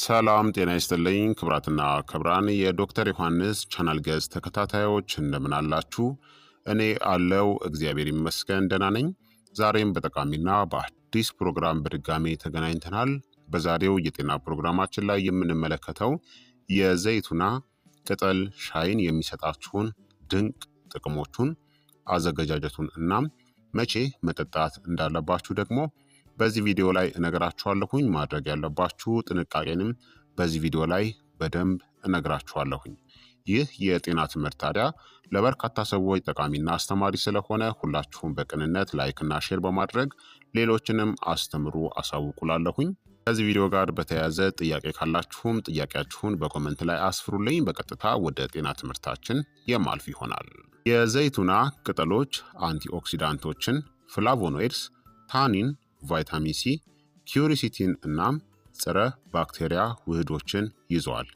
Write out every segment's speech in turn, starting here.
ሰላም ጤና ይስጥልኝ ክብራትና ክብራን የዶክተር ዮሐንስ ቻናል ገጽ ተከታታዮች እንደምን አላችሁ? እኔ አለው እግዚአብሔር ይመስገን ደህና ነኝ። ዛሬም በጠቃሚና በአዲስ ፕሮግራም በድጋሜ ተገናኝተናል። በዛሬው የጤና ፕሮግራማችን ላይ የምንመለከተው የዘይቱና ቅጠል ሻይን የሚሰጣችሁን ድንቅ ጥቅሞቹን፣ አዘገጃጀቱን እናም መቼ መጠጣት እንዳለባችሁ ደግሞ በዚህ ቪዲዮ ላይ እነግራችኋለሁኝ። ማድረግ ያለባችሁ ጥንቃቄንም በዚህ ቪዲዮ ላይ በደንብ እነግራችኋለሁኝ። ይህ የጤና ትምህርት ታዲያ ለበርካታ ሰዎች ጠቃሚና አስተማሪ ስለሆነ ሁላችሁም በቅንነት ላይክና ሼር በማድረግ ሌሎችንም አስተምሩ አሳውቁላለሁኝ። ከዚህ ቪዲዮ ጋር በተያያዘ ጥያቄ ካላችሁም ጥያቄያችሁን በኮመንት ላይ አስፍሩልኝ። በቀጥታ ወደ ጤና ትምህርታችን የማልፍ ይሆናል። የዘይቱና ቅጠሎች አንቲ ኦክሲዳንቶችን፣ ፍላቮኖይድስ፣ ታኒን ቫይታሚን ሲ ኪዩሪሲቲን እናም ፀረ ባክቴሪያ ውህዶችን ይዘዋል።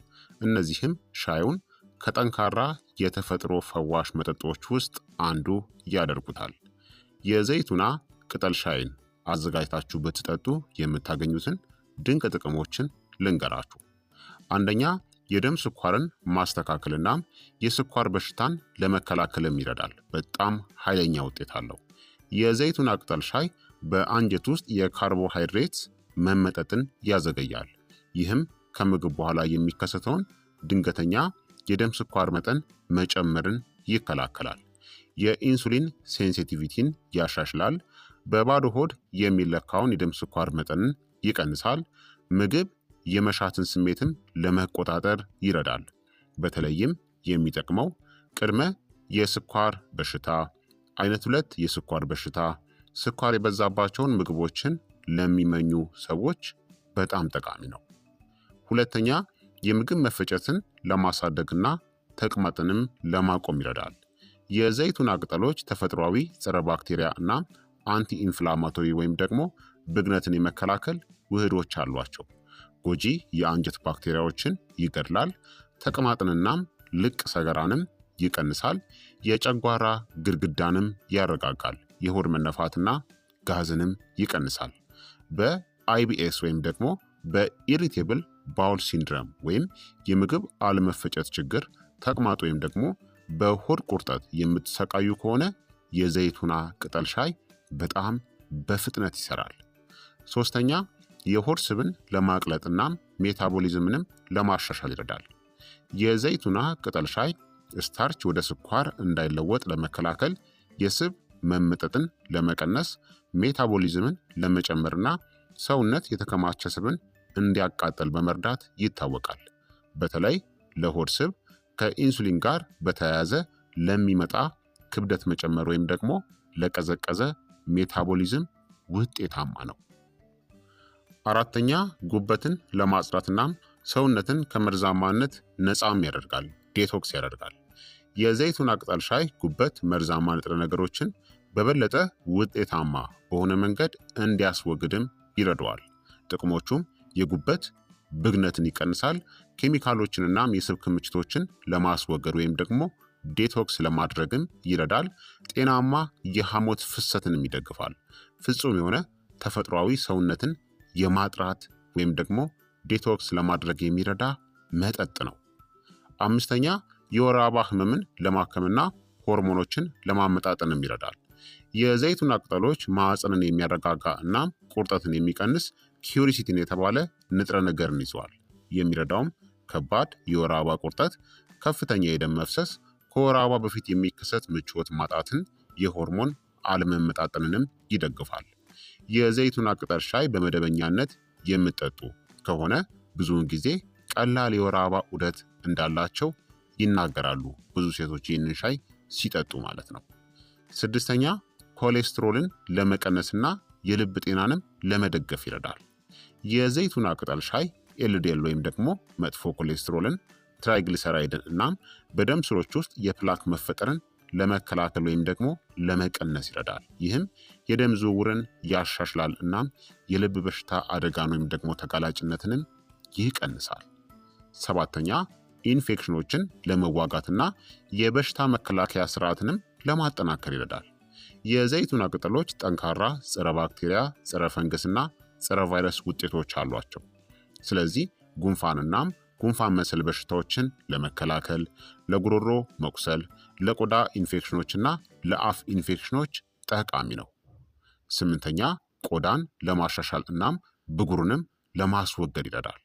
እነዚህም ሻዩን ከጠንካራ የተፈጥሮ ፈዋሽ መጠጦች ውስጥ አንዱ ያደርጉታል። የዘይቱና ቅጠል ሻይን አዘጋጅታችሁ ብትጠጡ የምታገኙትን ድንቅ ጥቅሞችን ልንገራችሁ። አንደኛ የደም ስኳርን ማስተካከልና የስኳር በሽታን ለመከላከልም ይረዳል። በጣም ኃይለኛ ውጤት አለው። የዘይቱና ቅጠል ሻይ በአንጀት ውስጥ የካርቦሃይድሬት መመጠጥን ያዘገያል። ይህም ከምግብ በኋላ የሚከሰተውን ድንገተኛ የደም ስኳር መጠን መጨመርን ይከላከላል። የኢንሱሊን ሴንሲቲቪቲን ያሻሽላል። በባዶ ሆድ የሚለካውን የደም ስኳር መጠንን ይቀንሳል። ምግብ የመሻትን ስሜትም ለመቆጣጠር ይረዳል። በተለይም የሚጠቅመው ቅድመ የስኳር በሽታ፣ አይነት ሁለት የስኳር በሽታ፣ ስኳር የበዛባቸውን ምግቦችን ለሚመኙ ሰዎች በጣም ጠቃሚ ነው። ሁለተኛ የምግብ መፈጨትን ለማሳደግና ተቅማጥንም ለማቆም ይረዳል። የዘይቱና ቅጠሎች ተፈጥሯዊ ጸረ ባክቴሪያ እና አንቲ ኢንፍላማቶሪ ወይም ደግሞ ብግነትን የመከላከል ውህዶች አሏቸው። ጎጂ የአንጀት ባክቴሪያዎችን ይገድላል። ተቅማጥንናም ልቅ ሰገራንም ይቀንሳል። የጨጓራ ግድግዳንም ያረጋጋል። የሆድ መነፋትና ጋዝንም ይቀንሳል። በአይቢኤስ ወይም ደግሞ በኢሪቴብል ባውል ሲንድረም ወይም የምግብ አለመፈጨት ችግር፣ ተቅማጥ ወይም ደግሞ በሆድ ቁርጠት የምትሰቃዩ ከሆነ የዘይቱና ቅጠል ሻይ በጣም በፍጥነት ይሰራል። ሶስተኛ የሆድ ስብን ለማቅለጥና ሜታቦሊዝምንም ለማሻሻል ይረዳል። የዘይቱና ቅጠል ሻይ ስታርች ወደ ስኳር እንዳይለወጥ ለመከላከል የስብ መምጠጥን ለመቀነስ ሜታቦሊዝምን ለመጨመርና ሰውነት የተከማቸ ስብን እንዲያቃጠል በመርዳት ይታወቃል። በተለይ ለሆድ ስብ ከኢንሱሊን ጋር በተያያዘ ለሚመጣ ክብደት መጨመር ወይም ደግሞ ለቀዘቀዘ ሜታቦሊዝም ውጤታማ ነው። አራተኛ ጉበትን ለማጽዳትናም ሰውነትን ከመርዛማነት ነፃም ያደርጋል፣ ዴቶክስ ያደርጋል። የዘይቱን ቅጠል ሻይ ጉበት መርዛማ ንጥረ ነገሮችን በበለጠ ውጤታማ በሆነ መንገድ እንዲያስወግድም ይረዳዋል። ጥቅሞቹም የጉበት ብግነትን ይቀንሳል፣ ኬሚካሎችንና የስብ ክምችቶችን ለማስወገድ ወይም ደግሞ ዴቶክስ ለማድረግም ይረዳል። ጤናማ የሐሞት ፍሰትንም ይደግፋል። ፍጹም የሆነ ተፈጥሯዊ ሰውነትን የማጥራት ወይም ደግሞ ዴቶክስ ለማድረግ የሚረዳ መጠጥ ነው። አምስተኛ የወር አበባ ህመምን ለማከምና ሆርሞኖችን ለማመጣጠንም ይረዳል። የዘይቱና ቅጠሎች ማዕፀንን የሚያረጋጋ እናም ቁርጠትን የሚቀንስ ኪዩሪሲቲን የተባለ ንጥረ ነገርን ይዘዋል። የሚረዳውም ከባድ የወር አበባ ቁርጠት፣ ከፍተኛ የደም መፍሰስ፣ ከወር አበባ በፊት የሚከሰት ምቾት ማጣትን፣ የሆርሞን አለመመጣጠንንም ይደግፋል። የዘይቱና ቅጠል ሻይ በመደበኛነት የምጠጡ ከሆነ ብዙውን ጊዜ ቀላል የወር አበባ ዑደት እንዳላቸው ይናገራሉ። ብዙ ሴቶች ይህንን ሻይ ሲጠጡ ማለት ነው። ስድስተኛ ኮሌስትሮልን ለመቀነስና የልብ ጤናንም ለመደገፍ ይረዳል። የዘይቱና ቅጠል ሻይ ኤልዲኤል ወይም ደግሞ መጥፎ ኮሌስትሮልን፣ ትራይግሊሰራይድን እናም በደም ስሮች ውስጥ የፕላክ መፈጠርን ለመከላከል ወይም ደግሞ ለመቀነስ ይረዳል። ይህም የደም ዝውውርን ያሻሽላል እናም የልብ በሽታ አደጋን ወይም ደግሞ ተጋላጭነትንም ይቀንሳል። ሰባተኛ ኢንፌክሽኖችን ለመዋጋትና የበሽታ መከላከያ ስርዓትንም ለማጠናከር ይረዳል። የዘይቱና ቅጠሎች ጠንካራ ጸረ ባክቴሪያ፣ ጸረ ፈንገስና ጸረ ቫይረስ ውጤቶች አሏቸው። ስለዚህ ጉንፋንናም ጉንፋን መሰል በሽታዎችን ለመከላከል፣ ለጉሮሮ መቁሰል፣ ለቆዳ ኢንፌክሽኖችና ለአፍ ኢንፌክሽኖች ጠቃሚ ነው። ስምንተኛ ቆዳን ለማሻሻል እናም ብጉርንም ለማስወገድ ይረዳል።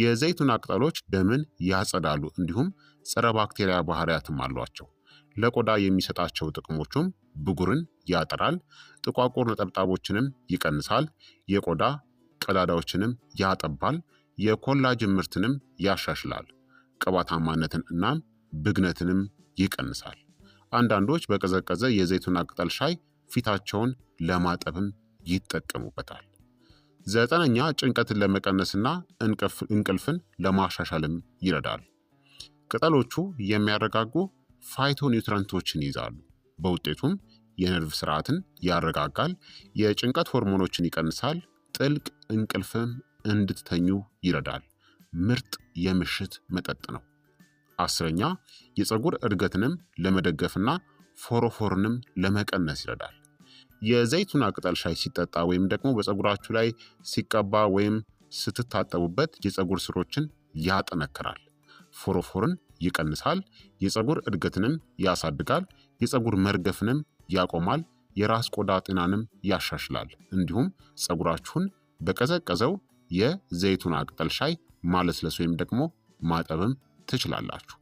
የዘይቱን ቅጠሎች ደምን ያጸዳሉ፣ እንዲሁም ጸረ ባክቴሪያ ባህሪያትም አሏቸው። ለቆዳ የሚሰጣቸው ጥቅሞቹም ብጉርን ያጠራል፣ ጥቋቁር ነጠብጣቦችንም ይቀንሳል፣ የቆዳ ቀዳዳዎችንም ያጠባል፣ የኮላጅን ምርትንም ያሻሽላል፣ ቅባታማነትን እናም ብግነትንም ይቀንሳል። አንዳንዶች በቀዘቀዘ የዘይቱን ቅጠል ሻይ ፊታቸውን ለማጠብም ይጠቀሙበታል። ዘጠነኛ ጭንቀትን ለመቀነስና እንቅልፍን ለማሻሻልም ይረዳል። ቅጠሎቹ የሚያረጋጉ ፋይቶ ኒውትረንቶችን ይይዛሉ። በውጤቱም የነርቭ ስርዓትን ያረጋጋል፣ የጭንቀት ሆርሞኖችን ይቀንሳል፣ ጥልቅ እንቅልፍም እንድትተኙ ይረዳል። ምርጥ የምሽት መጠጥ ነው። አስረኛ የፀጉር እድገትንም ለመደገፍና ፎሮፎርንም ለመቀነስ ይረዳል። የዘይቱና ቅጠል ሻይ ሲጠጣ ወይም ደግሞ በፀጉራችሁ ላይ ሲቀባ ወይም ስትታጠቡበት የፀጉር ስሮችን ያጠነክራል፣ ፎሮፎርን ይቀንሳል፣ የፀጉር እድገትንም ያሳድጋል፣ የፀጉር መርገፍንም ያቆማል፣ የራስ ቆዳ ጤናንም ያሻሽላል። እንዲሁም ፀጉራችሁን በቀዘቀዘው የዘይቱና ቅጠል ሻይ ማለስለስ ወይም ደግሞ ማጠብም ትችላላችሁ።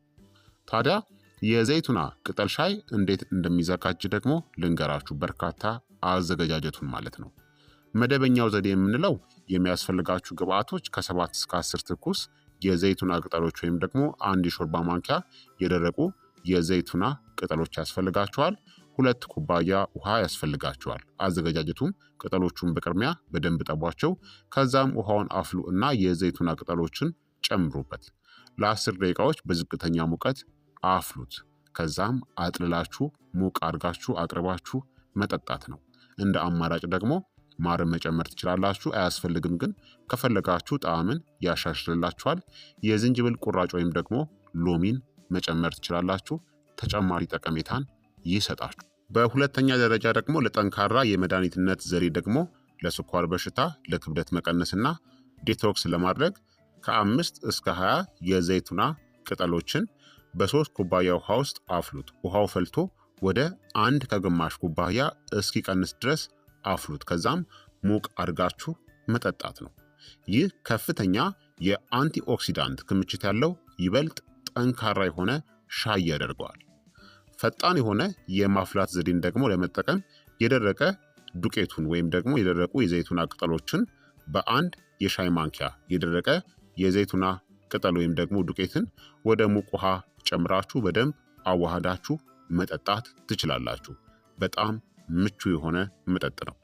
ታዲያ የዘይቱና ቅጠል ሻይ እንዴት እንደሚዘጋጅ ደግሞ ልንገራችሁ። በርካታ አዘገጃጀቱን ማለት ነው። መደበኛው ዘዴ የምንለው የሚያስፈልጋችሁ ግብአቶች ከሰባት እስከ አስር ትኩስ የዘይቱና ቅጠሎች ወይም ደግሞ አንድ የሾርባ ማንኪያ የደረቁ የዘይቱና ቅጠሎች ያስፈልጋችኋል። ሁለት ኩባያ ውሃ ያስፈልጋችኋል። አዘገጃጀቱም ቅጠሎቹን በቅድሚያ በደንብ ጠቧቸው። ከዛም ውሃውን አፍሉ እና የዘይቱና ቅጠሎችን ጨምሩበት። ለአስር ደቂቃዎች በዝቅተኛ ሙቀት አፍሉት። ከዛም አጥልላችሁ ሙቅ አድርጋችሁ አቅርባችሁ መጠጣት ነው። እንደ አማራጭ ደግሞ ማርን መጨመር ትችላላችሁ። አያስፈልግም፣ ግን ከፈለጋችሁ ጣዕምን ያሻሽልላችኋል። የዝንጅብል ቁራጭ ወይም ደግሞ ሎሚን መጨመር ትችላላችሁ። ተጨማሪ ጠቀሜታን ይሰጣችሁ። በሁለተኛ ደረጃ ደግሞ ለጠንካራ የመድኃኒትነት ዘዴ ደግሞ ለስኳር በሽታ፣ ለክብደት መቀነስና ዲቶክስ ለማድረግ ከአምስት እስከ 20 የዘይቱና ቅጠሎችን በሶስት ኩባያ ውሃ ውስጥ አፍሉት። ውሃው ፈልቶ ወደ አንድ ከግማሽ ኩባያ እስኪቀንስ ድረስ አፍሉት። ከዛም ሙቅ አድርጋችሁ መጠጣት ነው። ይህ ከፍተኛ የአንቲኦክሲዳንት ክምችት ያለው ይበልጥ ጠንካራ የሆነ ሻይ ያደርገዋል። ፈጣን የሆነ የማፍላት ዘዴን ደግሞ ለመጠቀም የደረቀ ዱቄቱን ወይም ደግሞ የደረቁ የዘይቱና ቅጠሎችን በአንድ የሻይ ማንኪያ የደረቀ የዘይቱና ቅጠል ወይም ደግሞ ዱቄትን ወደ ሙቅ ውሃ ጨምራችሁ በደንብ አዋህዳችሁ መጠጣት ትችላላችሁ። በጣም ምቹ የሆነ መጠጥ ነው።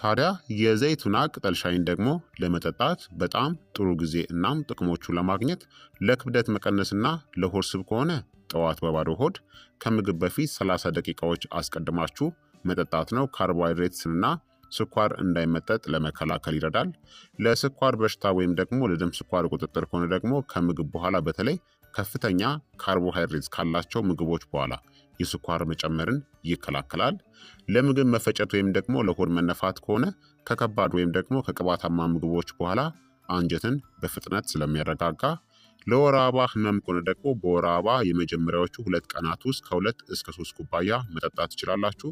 ታዲያ የዘይቱና ቅጠል ሻይን ደግሞ ለመጠጣት በጣም ጥሩ ጊዜ እናም ጥቅሞቹ ለማግኘት ለክብደት መቀነስና ለሆድ ስብ ከሆነ ጠዋት በባዶ ሆድ ከምግብ በፊት 30 ደቂቃዎች አስቀድማችሁ መጠጣት ነው። ካርቦሃይድሬትስንና ስኳር እንዳይመጠጥ ለመከላከል ይረዳል። ለስኳር በሽታ ወይም ደግሞ ለደም ስኳር ቁጥጥር ከሆነ ደግሞ ከምግብ በኋላ በተለይ ከፍተኛ ካርቦሃይድሬት ካላቸው ምግቦች በኋላ የስኳር መጨመርን ይከላከላል። ለምግብ መፈጨት ወይም ደግሞ ለሆድ መነፋት ከሆነ ከከባድ ወይም ደግሞ ከቅባታማ ምግቦች በኋላ አንጀትን በፍጥነት ስለሚያረጋጋ ለወር አበባ ህመም ከሆነ ደግሞ በወር አበባ የመጀመሪያዎቹ ሁለት ቀናት ውስጥ ከሁለት እስከ ሶስት ኩባያ መጠጣት ትችላላችሁ።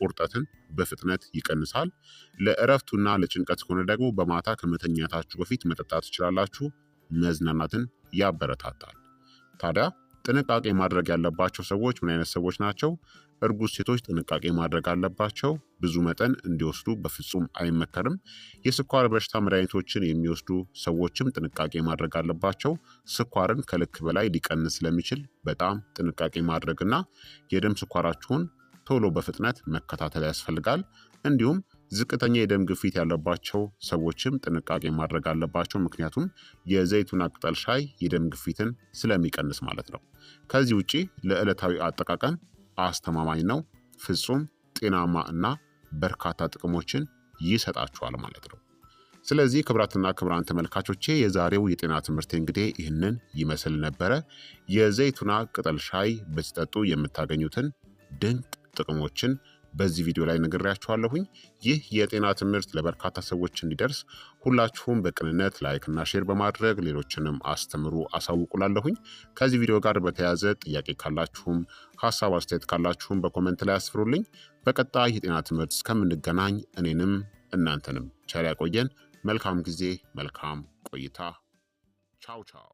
ቁርጠትን በፍጥነት ይቀንሳል። ለእረፍቱና ለጭንቀት ከሆነ ደግሞ በማታ ከመተኛታችሁ በፊት መጠጣት ትችላላችሁ። መዝናናትን ያበረታታል። ታዲያ ጥንቃቄ ማድረግ ያለባቸው ሰዎች ምን አይነት ሰዎች ናቸው? እርጉዝ ሴቶች ጥንቃቄ ማድረግ አለባቸው። ብዙ መጠን እንዲወስዱ በፍጹም አይመከርም። የስኳር በሽታ መድኃኒቶችን የሚወስዱ ሰዎችም ጥንቃቄ ማድረግ አለባቸው። ስኳርን ከልክ በላይ ሊቀንስ ስለሚችል በጣም ጥንቃቄ ማድረግና የደም ስኳራችሁን ቶሎ በፍጥነት መከታተል ያስፈልጋል። እንዲሁም ዝቅተኛ የደም ግፊት ያለባቸው ሰዎችም ጥንቃቄ ማድረግ አለባቸው። ምክንያቱም የዘይቱና ቅጠል ሻይ የደም ግፊትን ስለሚቀንስ ማለት ነው። ከዚህ ውጪ ለዕለታዊ አጠቃቀም አስተማማኝ ነው። ፍጹም ጤናማ እና በርካታ ጥቅሞችን ይሰጣችኋል ማለት ነው። ስለዚህ ክብራትና ክብራን ተመልካቾቼ የዛሬው የጤና ትምህርት እንግዲህ ይህንን ይመስል ነበረ። የዘይቱና ቅጠል ሻይ ብትጠጡ የምታገኙትን ድንቅ ጥቅሞችን በዚህ ቪዲዮ ላይ ነግሬያችኋለሁኝ። ይህ የጤና ትምህርት ለበርካታ ሰዎች እንዲደርስ ሁላችሁም በቅንነት ላይክና ሼር በማድረግ ሌሎችንም አስተምሩ አሳውቁላለሁኝ። ከዚህ ቪዲዮ ጋር በተያያዘ ጥያቄ ካላችሁም ሀሳብ አስተያየት ካላችሁም በኮመንት ላይ አስፍሩልኝ። በቀጣይ የጤና ትምህርት እስከምንገናኝ እኔንም እናንተንም ቸር ያቆየን። መልካም ጊዜ፣ መልካም ቆይታ። ቻው ቻው